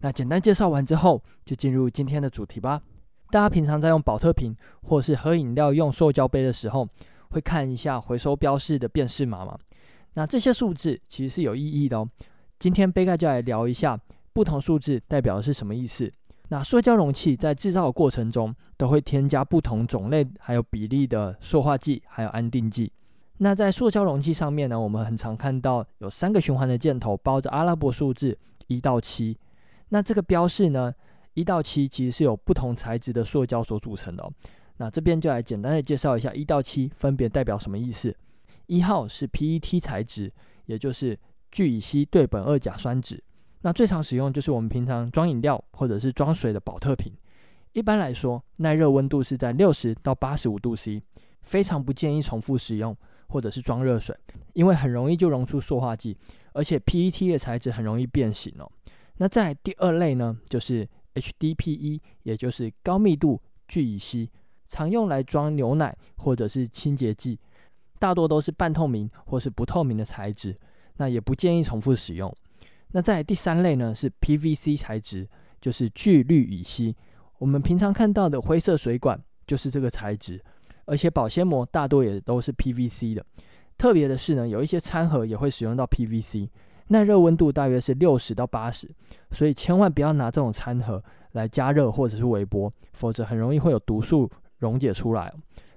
那簡單介紹完之後，就進入今天的主題吧。大家平常在用寶特瓶或是喝飲料用塑膠杯的時候，會看一下回收標示的辨識碼嗎？那這些數字其實是有意義的哦。今天杯蓋就來聊一下不同數字代表的是什麼意思。那塑膠容器在製造的過程中都會添加不同種類還有比例的塑化劑還有安定劑。那在塑膠容器上面呢，我們很常看到有三個循環的箭頭包着阿拉伯數字一到七。那這個標示呢，一到七其實是由不同材質的塑膠所組成的哦。那這邊就來簡單的介紹一下，一到七分別代表什麼意思。一號是 PET 材質，也就是聚乙烯對苯二甲酸酯。那最常使用就是我們平常裝飲料或者是裝水的寶特瓶。一般來說，耐熱溫度是在六十到八十五度 C，非常不建議重複使用或者是裝熱水，因為很容易就溶出塑化劑，而且 PET 的材質很容易變形哦。那在第二類呢，就是 HDPE，也就是高密度聚乙烯，常用來裝牛奶或者是清潔劑，大多都是半透明或是不透明的材質，那也不建議重複使用。那在第三類呢，是 PVC 材質，就是聚氯乙烯，我們平常看到的灰色水管就是這個材質，而且保鮮膜大多也都是 PVC 的。特別的是呢，有一些餐盒也會使用到 PVC。耐熱溫度大約是六十到八十，所以千萬不要拿這種餐盒來加熱或者是微波，否則很容易會有毒素溶解出來。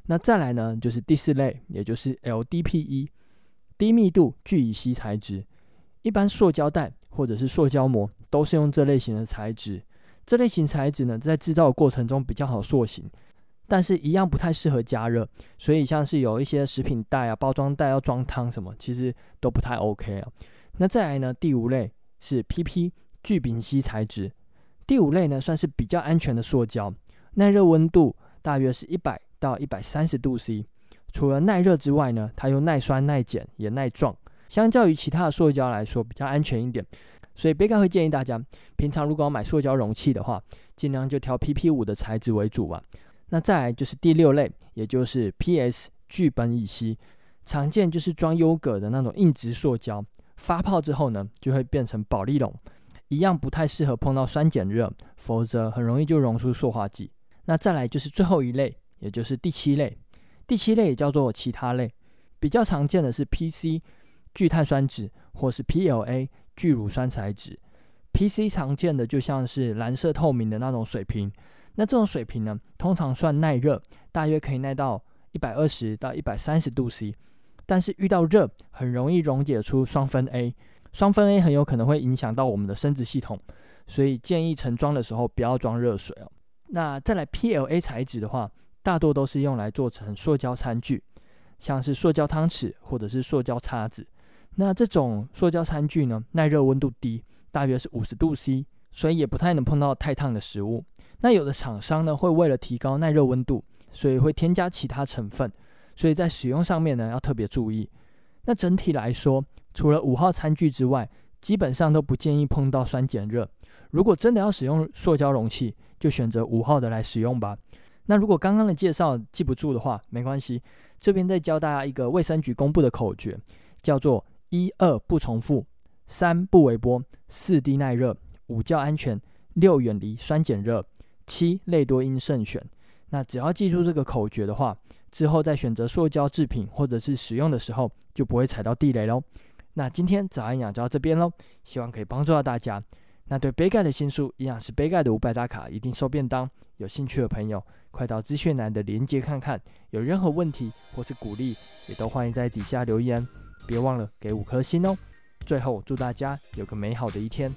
那再來呢，就是第四類，也就是 LDPE 低密度聚乙烯材質，一般塑膠袋或者是塑膠膜都是用這類型的材質。這類型材質呢，在製造的過程中比較好塑形，但是一樣不太適合加熱，所以像是有一些食品袋啊、包裝袋要裝湯什麼，其實都不太 OK 啊。那再來呢，第五類是 PP 聚丙烯材質，第五類呢算是比較安全的塑膠，耐熱溫度大約是一百到一百三十度 C。除了耐熱之外呢，它又耐酸耐鹼也耐撞，相較於其他的塑膠來說比較安全一點。所以杯蓋會建議大家，平常如果要買塑膠容器的話，儘量就挑 PP 五的材質為主吧。那再來就是第六類，也就是 PS 聚苯乙烯，常見就是裝優格的那種硬質塑膠。發泡之後呢，就會變成寶麗龍，一樣不太適合碰到酸鹼熱，否則很容易就溶出塑化劑。那再來就是最後一類，也就是第七類，第七類也叫做其他類，比較常見的是 PC 聚碳酸酯或是 PLA 聚乳酸材質。PC 常見的就像是藍色透明的那種水瓶，那這種水瓶呢，通常算耐熱，大約可以耐到一百二十到一百三十度 C。但是遇到熱，很容易溶解出雙酚 A，雙酚 A 很有可能會影響到我們的生殖系統，所以建議盛裝的時候不要裝熱水哦。那再來 PLA 材質的話，大多都是用來做成塑膠餐具，像是塑膠湯匙或者是塑膠叉子。那這種塑膠餐具呢，耐熱溫度低，大約是五十度 C，所以也不太能碰到太燙的食物。那有的廠商呢，會為了提高耐熱溫度，所以會添加其他成分。所以在使用上面呢，要特別注意。那整體來說，除了五號餐具之外，基本上都不建議碰到酸鹼熱。如果真的要使用塑膠容器，就選擇五號的來使用吧。那如果剛剛的介紹記不住的話，沒關係，這邊再教大家一個衛生局公布的口訣，叫做一二不重複，三不微波，四低耐熱，五較安全，六遠離酸鹼熱，七類多因慎選。那只要記住這個口訣的話，之後再選擇塑膠製品或者是使用的時候，就不會踩到地雷咯。那今天早安營養就到這邊咯，希望可以幫助到大家。那對杯蓋的新書，營養師杯蓋的五百大卡，一定瘦便當，有興趣的朋友，快到資訊欄的鏈接看看。有任何問題或是鼓勵，也都歡迎在底下留言。別忘了給五顆星哦。最後祝大家有個美好的一天。